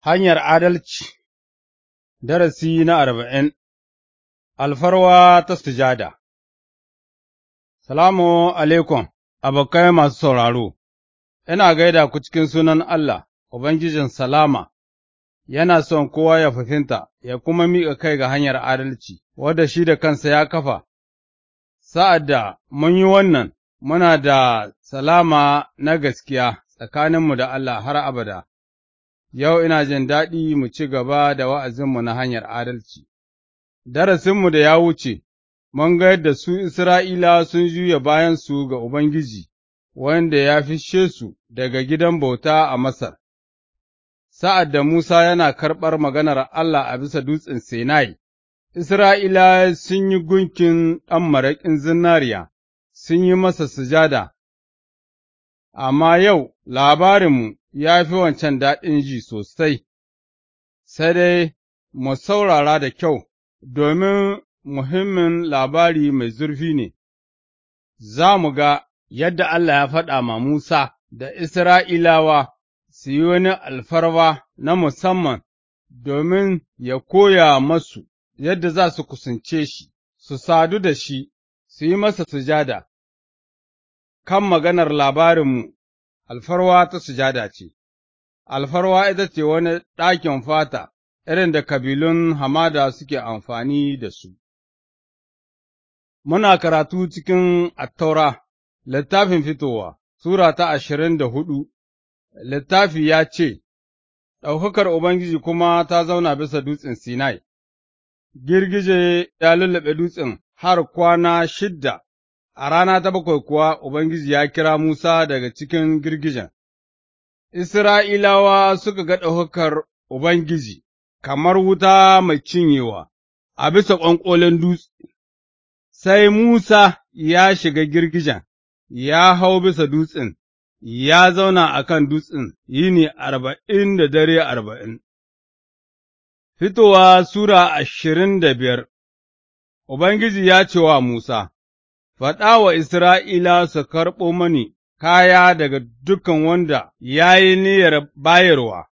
Hanyar adalci Darasi na arba'in Alfarwa ta sujada Salamu alaikum, abokai masu sauraro, ina gaida ku cikin sunan Allah, Ubangijin Salama, yana son kowa ya fahimta ya kuma miƙa kai ga hanyar adalci, wadda shi da kansa ya kafa. Sa'ad da mun yi wannan, muna da salama na gaskiya tsakaninmu da Allah har abada. Yau ina jin daɗi mu ci gaba da wa'azinmu na hanyar adalci, darasinmu da ya wuce, mun ga yadda su Isra'ila sun juya bayansu ga Ubangiji, wanda ya fishe su daga gidan bauta a Masar, sa'ad da Musa yana karɓar maganar Allah a bisa dutsen Sinai, Isra'ila sun yi gunkin ɗan maraƙin zinariya, sun yi masa sujada, amma yau labarinmu ya fi wancan daɗin ji sosai, sai dai mu saurara da kyau, domin muhimmin labari mai zurfi ne, za mu ga yadda Allah ya faɗa ma Musa da Isra'ilawa su yi wani alfarwa na musamman domin ya koya masu yadda za su kusance shi, su sadu da shi, su yi masa sujada. Kan maganar labarinmu alfarwa ta sujada ce, alfarwa ita ce wani ɗakin fata irin da kabilun hamada suke amfani da su. Muna karatu cikin attaura, littafin fitowa, Sura ta ashirin da hudu, littafi ya ce, Ɗaukakar Ubangiji kuma ta zauna bisa dutsen Sinai, girgije ya lullaɓe dutsen har kwana shidda A rana ta bakwai kuwa Ubangiji ya kira Musa daga cikin girgijen, Isra'ilawa suka ga ɗaukakar Ubangiji kamar wuta mai cinyewa a bisa ƙwanƙolin dutse, sai Musa ya shiga girgijen, ya hau bisa dutsen, ya zauna a kan dutsen yini arba'in da dare arba'in. Fitowa Sura ashirin da biyar Ubangiji ya ce wa Musa, faɗa wa Isra'ila su karɓo mani kaya daga dukan wanda ya yi niyyar bayarwa,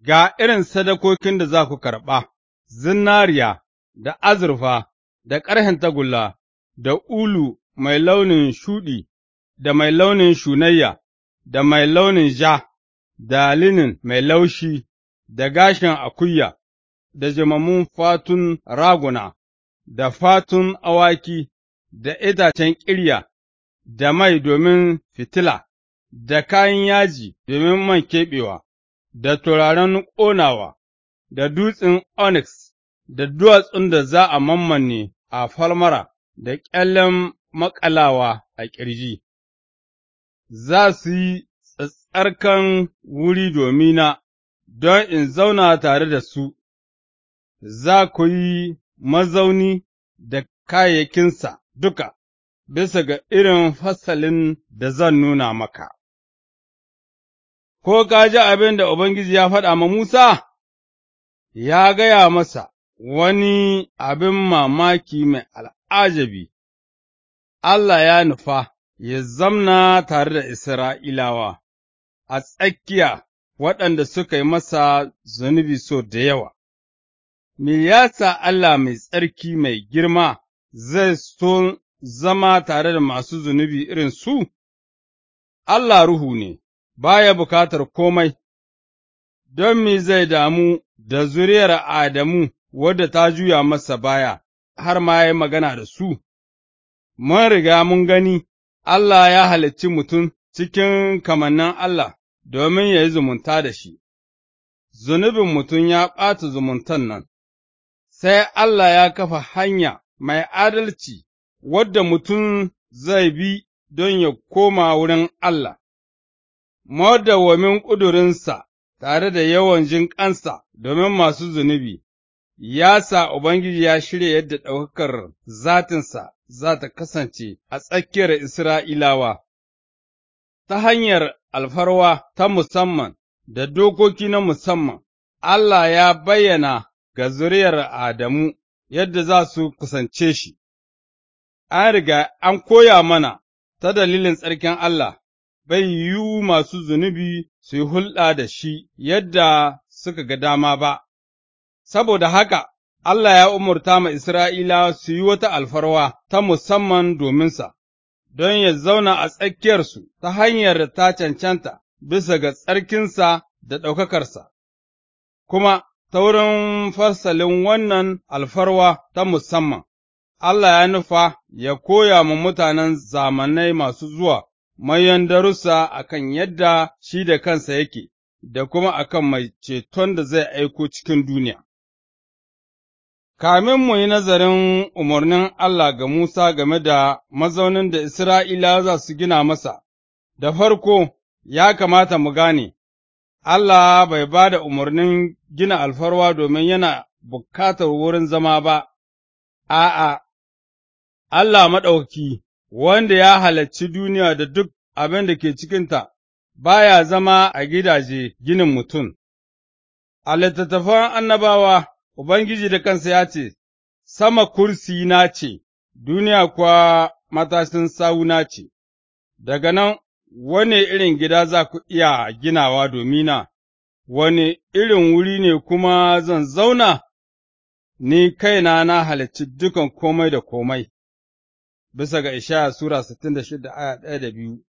ga irin sadakokin da za ku karɓa, zinariya, da azurfa, da ƙarhen tagulla, da ulu mai launin shuɗi, da mai launin shunayya, da mai launin ja, da linin mai laushi, da gashin akuya, da jimamin fatun raguna, da fatun awaki, da itacen ƙirya, da mai domin fitila, da kayan yaji domin man keɓewa, da turaren ƙonawa, da dutsen onyx, da duwatsun da za a mammanne a falmara, da ƙyallen maƙalawa a ƙirji. Za su yi tsatsarkan wuri domina don in zauna tare da su, za ku yi mazauni da kayayyakinsa, duka, bisa ga irin fasalin da zan nuna maka. Ko ka ji abin da Ubangiji ya faɗa ma Musa, ya gaya masa wani abin mamaki mai al'ajabi, Allah ya nufa ya zamna tare da Isra'ilawa a tsakiya waɗanda suka yi masa zunubi so da yawa. Me yasa Allah mai tsarki mai girma zai so zama tare da masu zunubi irin su? Allah ruhu ne, baya bukatar komai, don mi zai damu da zuriyar Adamu wadda ta juya masa baya, har ma ya magana da su, mun riga mun gani Allah ya halicci mutum cikin kamannin Allah domin ya yi zumunta da shi, zunubin mutum ya ɓata zumuntan nan, sai Allah ya kafa hanya mai adalci wadda mutum zai bi don ya koma wurin Allah, madawamin ƙudurinsa tare da yawan jinƙansa domin masu zunubi, ya sa Ubangiji ya shirya yadda ɗaukakar zatinsa za ta kasance a tsakiyar Isra'ilawa, ta hanyar alfarwa ta musamman da dokoki na musamman, Allah ya bayyana ga zuriyar Adamu yadda za su kusance shi, an riga an koya mana ta dalilin tsarkin Allah, bai yiwu masu zunubi su yi hulɗa da shi yadda suka ga dama ba, saboda haka Allah ya umarta ma Isra'ila su yi wata alfarwa ta musamman dominsa, don ya zauna a tsakiyarsu ta hanyar da ta cancanta bisa ga tsarkinsa da ɗaukakarsa, kuma ta wurin farsalin wannan alfarwa ta musamman, Allah ya nufa ya koya ma mutanen zamanai masu zuwa manyan darussa akan yadda shi da kansa yake, da kuma akan mai ceton da zai aiko cikin duniya. Kamin mu yi nazarin umarnin Allah ga Musa game da mazaunin da Isra'ila za su gina masa, da farko ya kamata mu gane Allah bai ba da umarnin gina alfarwa domin yana bukatar wurin zama ba, a'a, Allah maɗauki, wanda ya halarci duniya da duk abin da ke cikinta, baya zama a gidaje ginin mutum. A littattafan annabawa, Ubangiji da kansa ya ce, Sama kursi na ce, duniya kuwa matashin na ce, daga nan wane irin gida za ku iya ginawa domina, wane irin wuri ne kuma zan zauna, ni kaina na halicci dukan komai da komai, bisa ga Ishaya Sura shida aya ɗaya da biyu,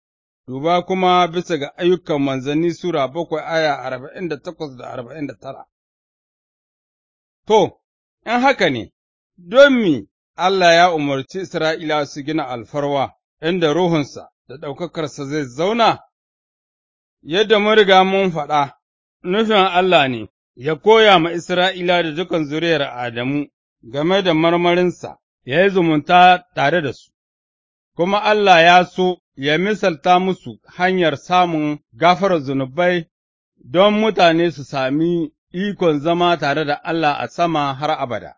duba kuma bisa ga ayyukan manzanni Sura bakwai aya arba'in da takwas da arba'in da tara. To, in haka ne, don mi Allah ya umarci Isra'ila su gina alfarwa inda ruhunsa da ɗaukakarsa zai zauna? Yadda mun riga mun faɗa, nufin Allah ne, ya koya ma Isra'ila da dukan zuriyar Adamu game da marmarinsa, ya yi zumunta tare da su, kuma Allah ya so ya misalta musu hanyar samun gafar zunubai don mutane su sami ikon zama tare da Allah a sama har abada.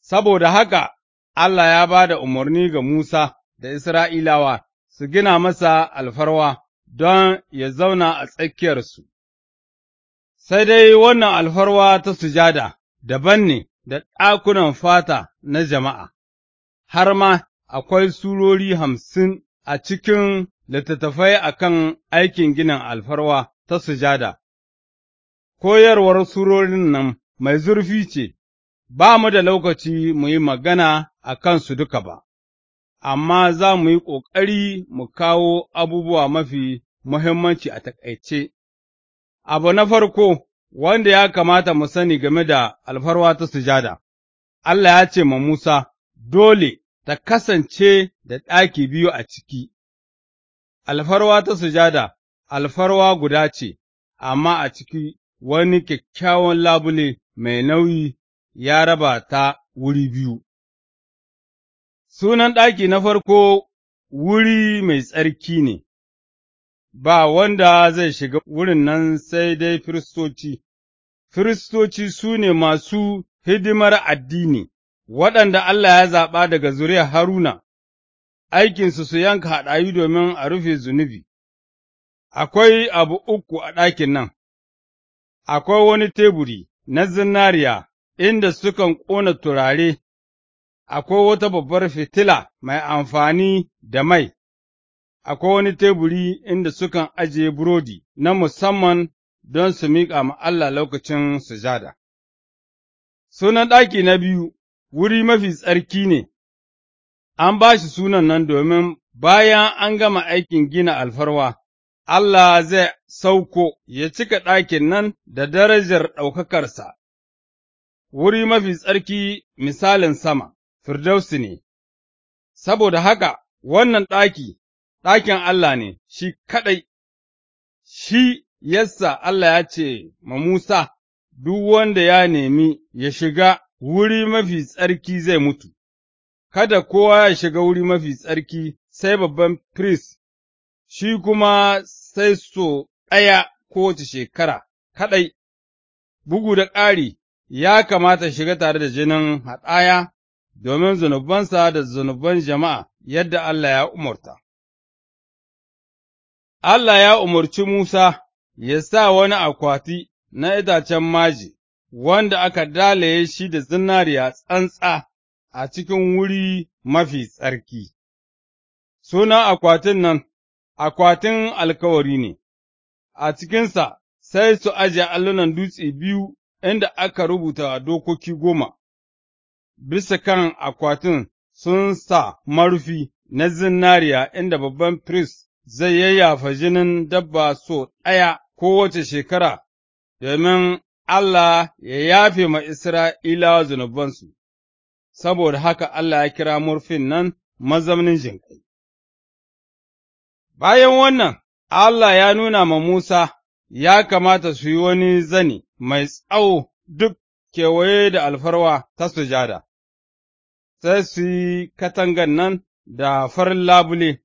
Saboda haka, Allah ya ba da umarni ga Musa da Isra'ilawa su gina masa alfarwa don ya zauna a tsakiyarsu, sai dai wannan alfarwa ta sujada daban ne da ɗakunan fata na jama'a, har ma akwai surori hamsin a cikin littattafai a kan aikin ginin alfarwa ta sujada, koyarwar surorin nan mai zurfi ce, ba mu da lokaci mu yi magana a kansu duka ba. amma za mu yi ƙoƙari mu kawo abubuwa mafi muhimmanci a taƙaice. Abu na farko wanda ya kamata mu sani game da alfarwa ta sujada, Allah ya ce ma Musa, dole ta kasance da ɗaki biyu a ciki, alfarwa ta sujada, alfarwa guda ce, amma a ciki wani kyakkyawan labule mai nauyi ya raba ta wuri biyu. Sunan ɗaki na farko wuri mai tsarki ne, ba wanda zai shiga wurin nan sai dai firistoci, firistoci su ne masu hidimar addini, waɗanda Allah ya zaɓa daga zuriyar Haruna, aikinsu su yanka haɗayu domin a rufe zunubi. Akwai abu uku a ɗakin nan, akwai wani teburi na zinariya inda sukan ƙona turare akwai wata babbar fitila mai amfani da mai, akwai wani teburi inda sukan ajiye burodi na musamman don su miƙa ma Allah lokacin sujada. Sunan ɗaki na biyu, wuri mafi tsarki ne, an ba shi sunan nan domin bayan an gama aikin gina alfarwa, Allah zai sauko ya cika ɗakin nan da darajar ɗaukakarsa, wuri mafi tsarki misalin sama. Firdausi ne, saboda haka wannan ɗaki, ɗakin Allah ne, shi kaɗai, shi yassa Allah ya ce ma Musa, Duk wanda ya nemi ya shiga wuri mafi tsarki zai mutu, kada kowa ya shiga wuri mafi tsarki sai babban firist, shi kuma sai so ɗaya kowace shekara kaɗai, bugu da ƙari, ya kamata shiga tare da jinin haɗaya domin zunubansa da zunuban jama'a yadda Allah ya umarta. Allah ya umarci Musa ya sa wani akwati na itacen maji, wanda aka dalaye shi da zinariya tsantsa a cikin wuri mafi tsarki. Suna akwatin nan, akwatin alkawari ne, a cikinsa sai su ajiye allunan dutse biyu inda aka rubuta dokoki goma, bisa kan akwatin sun sa marufi na zinariya inda babban firist zai yayyafa jinin dabba so ɗaya kowace shekara, domin Allah ya yafe ma Isra'ilawa zunubansu, saboda haka Allah ya kira murfin nan mazaunin jinƙai. Bayan wannan, Allah ya nuna ma Musa ya kamata su yi wani zani mai tsawo duk kewaye da alfarwa ta sujada, sai su yi katangan nan da farin labule,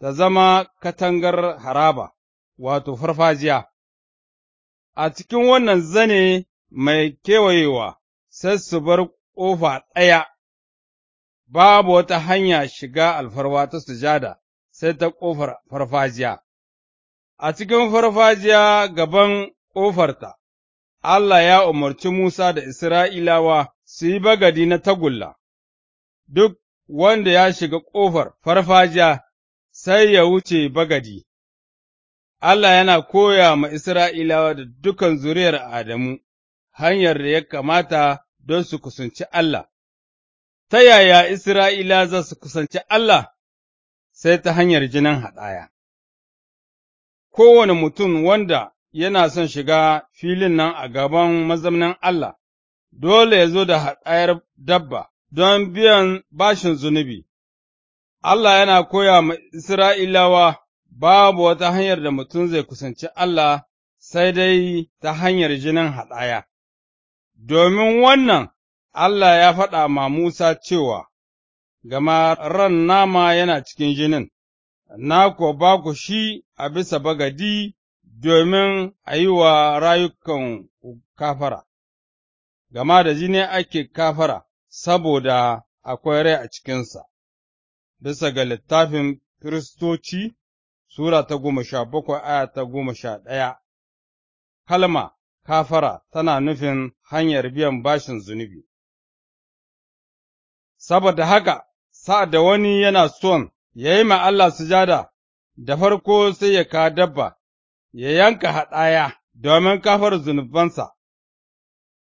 ta zama katangar haraba, wato farfajiya, a cikin wannan zane mai kewayewa, sai su bar ƙofa ɗaya, babu wata hanya shiga alfarwa ta sujada sai ta ƙofar farfajiya, a cikin farfajiya gaban ƙofarta. Allah ya umarci Musa da Isra'ilawa su yi bagadi na tagulla, duk wanda ya shiga ƙofar farfajiya sai ya wuce bagadi. Allah yana koya ma Isra'ilawa da dukan zuriyar Adamu hanyar da ya kamata don su kusanci Allah. Ta yaya Isra'ila za su kusanci Allah? Sai ta hanyar jinin haɗaya. Kowane mutum wanda yana son shiga filin nan a gaban mazaunin Allah, dole ya zo da haɗayar dabba don biyan bashin zunubi. Allah yana koya ma Isra'ilawa babu wata hanyar da mutum zai kusanci Allah sai dai ta hanyar jinin haɗaya, domin wannan Allah ya faɗa ma Musa cewa, Gama ran nama yana cikin jinin, na kuwa ba ku shi a bisa bagadi domin a yi wa rayukan kafara, gama da jini ake kafara saboda akwai rai a cikinsa, bisa ga littafin Kiristoci, Sura ta goma sha bakwai aya ta goma sha ɗaya, kalma kafara tana nufin hanyar biyan bashin zunubi. Saboda haka, sa'ad da wani yana son ya yi ma Allah sujada, da farko sai ya ka dabba ya yanka haɗaya domin kafar zunubansa,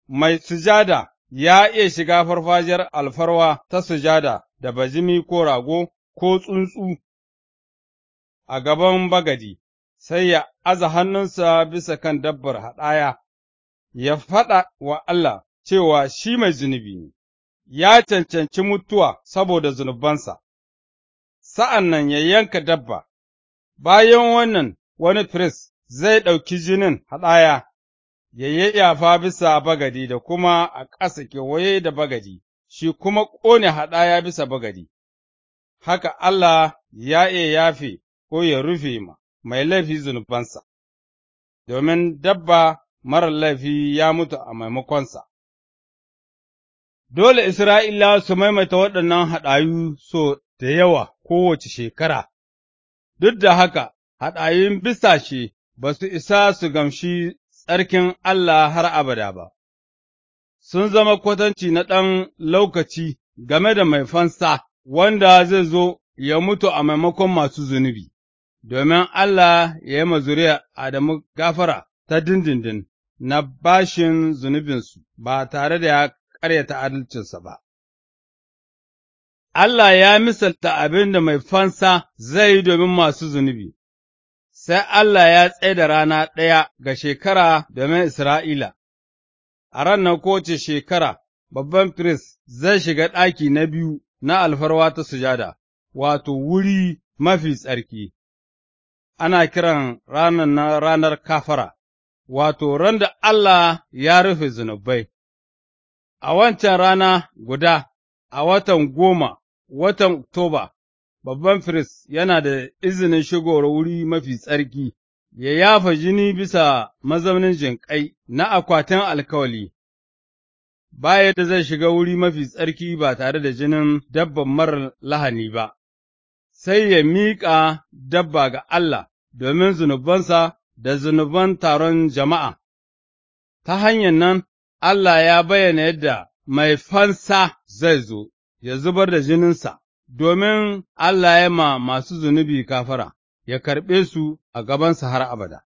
mai sujada ya iya shiga farfajiyar alfarwa ta sujada da bajimi ko rago ko tsuntsu a gaban bagadi, sai ya aza hannunsa bisa kan dabbar haɗaya, ya faɗa wa Allah cewa shi mai zunubi ne, ya cancanci mutuwa saboda zunubansa, sa'an nan ya yanka dabba, bayan wannan wani firist zai ɗauki jinin haɗaya, ya yi yafa bisa bagadi da kuma a ƙasa kewaye da bagadi, shi kuma ƙone haɗaya bisa bagadi. Haka Allah ya iya yafe ko ya rufe ma mai laifi zunubansa, domin dabba marar laifi ya mutu a maimakonsa. Dole Isra'ila su maimaita waɗannan haɗayu so da yawa kowace shekara, duk da haka haɗayun bisashe ba su isa su gamshi tsarkin Allah har abada ba, sun zama kwatanci na ɗan lokaci game da mai fansa wanda zai zo ya mutu a maimakon masu zunubi, domin Allah ya yi mazuriya Adamu gafara ta dindindin na bashin zunubinsu ba tare da ya karyata adalcinsa ba. Allah ya misalta abin da mai fansa zai yi domin masu zunubi, sai Allah ya tsaye da rana ɗaya ga shekara domin Isra'ila, a ranar kowace shekara babban firist zai shiga ɗaki na biyu na alfarwa ta sujada, wato wuri mafi tsarki, ana kiran ranar na ranar kafara, wato ran da Allah ya rufe zunubai. A wancan rana guda, a watan goma, watan Oktoba, babban firist yana da izinin shigowar wuri mafi tsarki, ya yafa jini bisa mazaunin jinƙai na akwatin alkawali, ba yadda zai shiga wuri mafi tsarki ba tare da jinin dabban mara lahani ba, sai ya miƙa dabba ga Allah domin zunubansa da zunuban taron jama'a. Ta hanyar nan, Allah ya bayyana yadda mai fansa zai zo, ya zubar da jininsa. domin Allah ya ma masu zunubi kafara, ya karɓe su a gabansa har abada.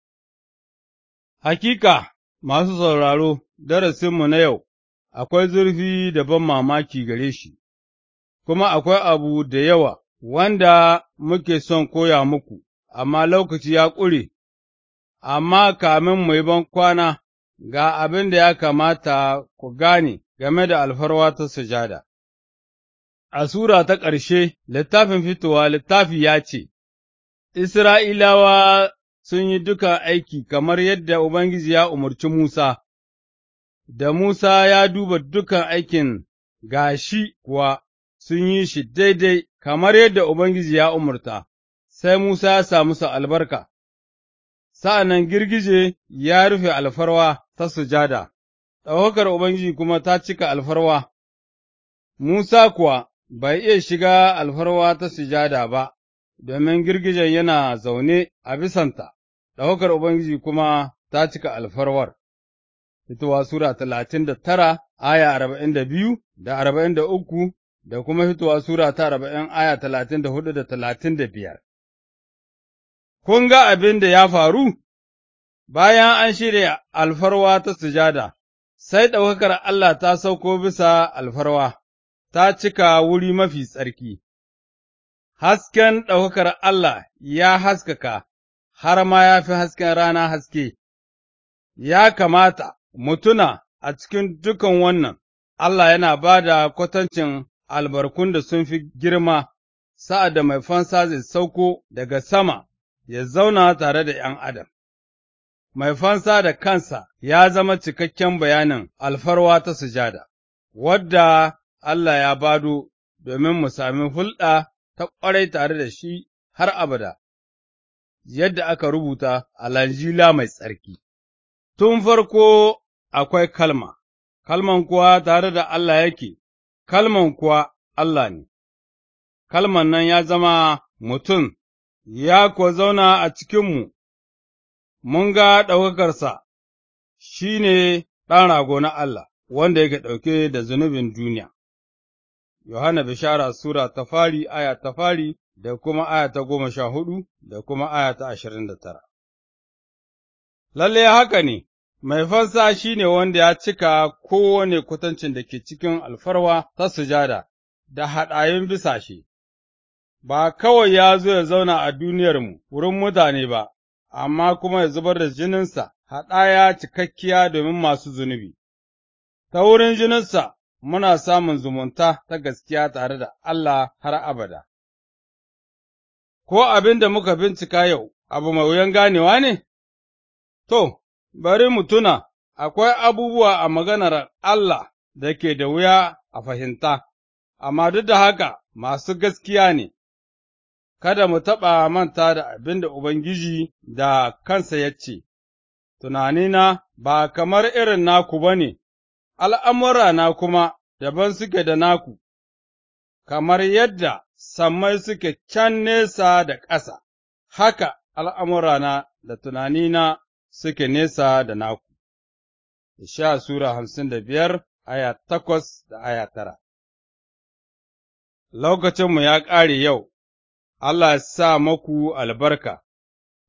Hakika, masu sauraro, darasinmu na yau, akwai zurfi da ban mamaki gare shi, kuma akwai abu da yawa wanda muke son koya muku, amma lokaci ya ƙure, amma kamin mu yi ban kwana ga abin da ya kamata ku gane game da alfarwa ta sujada. A Sura ta ƙarshe, littafin fitowa littafi ya ce, Isra'ilawa sun yi duka aiki kamar yadda Ubangiji ya umarci Musa, da Musa ya duba dukan aikin gashi kuwa sun yi shi daidai kamar yadda Ubangiji ya umarta, sai Musa ya samu su albarka, sa'an nan girgije ya rufe alfarwa ta sujada, ɗaukar Ubangiji kuma ta cika alfarwa, Musa kuwa bai iya shiga alfarwa ta sujada ba, domin girgijen yana zaune a bisanta, ɗaukar Ubangiji kuma ta cika alfarwar. Fitowa Sura talatin da tara aya arba'in da biyu da arba'in da uku da kuma fitowa Sura ta arba'in aya talatin da hudu da talatin da biyar. Kun ga abin da ya faru? Bayan an shirya alfarwa ta sujada, sai ɗaukakar Allah ta sauko bisa alfarwa. ta cika wuri mafi tsarki, hasken ɗaukakar Allah ya haskaka har ma ya fi hasken rana haske, ya kamata mutuna a cikin dukan wannan, Allah yana ba da kwatancin albarkun da sun fi girma sa'ad da mai fansa zai sauko daga sama ya zauna tare da ’yan adam. Mai fansa da kansa ya zama cikakken bayanin alfarwa ta sujada, wadda Allah ya bado domin mu sami hulɗa ta ƙwarai tare da shi har abada, yadda aka rubuta a Lanjila mai tsarki. Tun farko akwai kalma, kalman kuwa tare da Allah yake, kalman kuwa Allah ne, kalman nan ya zama mutum, ya kuwa zauna a cikinmu, mun ga ɗaukakarsa, shi ne ɗan rago na Allah, wanda yake ɗauke da zunubin duniya. Yohana Bishara Sura ta fari aya ta fari da kuma aya ta goma sha hudu da kuma aya ta ashirin da tara. Lalle haka ne, mai fansa shi ne wanda ya cika kowane kwatancin da ke cikin alfarwa ta sujada da haɗayen shi. ba kawai ya zo ya zauna a duniyarmu wurin mutane ba, amma kuma ya zubar da jininsa haɗaya cikakkiya domin masu zunubi. Ta wurin jininsa muna samun zumunta ta gaskiya tare da Allah har abada. Ko abin da muka bincika yau abu mai wuyan ganewa ne? To, bari mu tuna, akwai abubuwa a maganar Allah da ke da wuya a fahimta, amma duk da haka masu gaskiya ne, kada mu taɓa manta da abin da Ubangiji da kansa ya ce, Tunanina ba kamar irin naku ba ne. al'amurana kuma daban suke da naku, kamar yadda samai suke can nesa da ƙasa, haka al'amurana da tunanina suke nesa da naku. Isha Sura hamsin da biyar, aya takwas da aya tara. Lokacinmu ya ƙare yau, Allah sa maku albarka,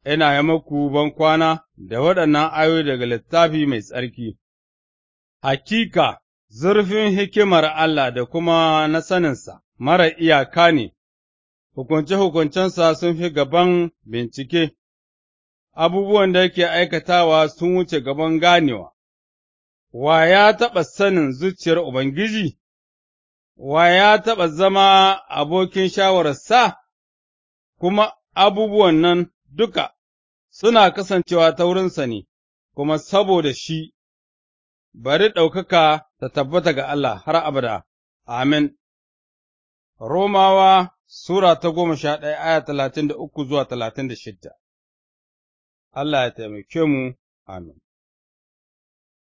ina ya maku ban kwana da waɗannan ayoyi daga littafi mai tsarki. Hakika, zurfin hikimar Allah da kuma na saninsa mara iyaka ne, hukunce-hukuncensa sun fi gaban bincike, abubuwan da yake aikatawa sun wuce gaban ganewa. Wa ya taɓa sanin zuciyar Ubangiji? Wa ya taɓa zama abokin shawararsa? Kuma abubuwan nan duka suna kasancewa ta wurinsa ne, kuma saboda shi bari ɗaukaka ta tabbata ga Allah har abada, amin. Romawa Sura ta goma sha ɗaya aya talatin da uku zuwa talatin da shidda Allah ya taimake mu, amin.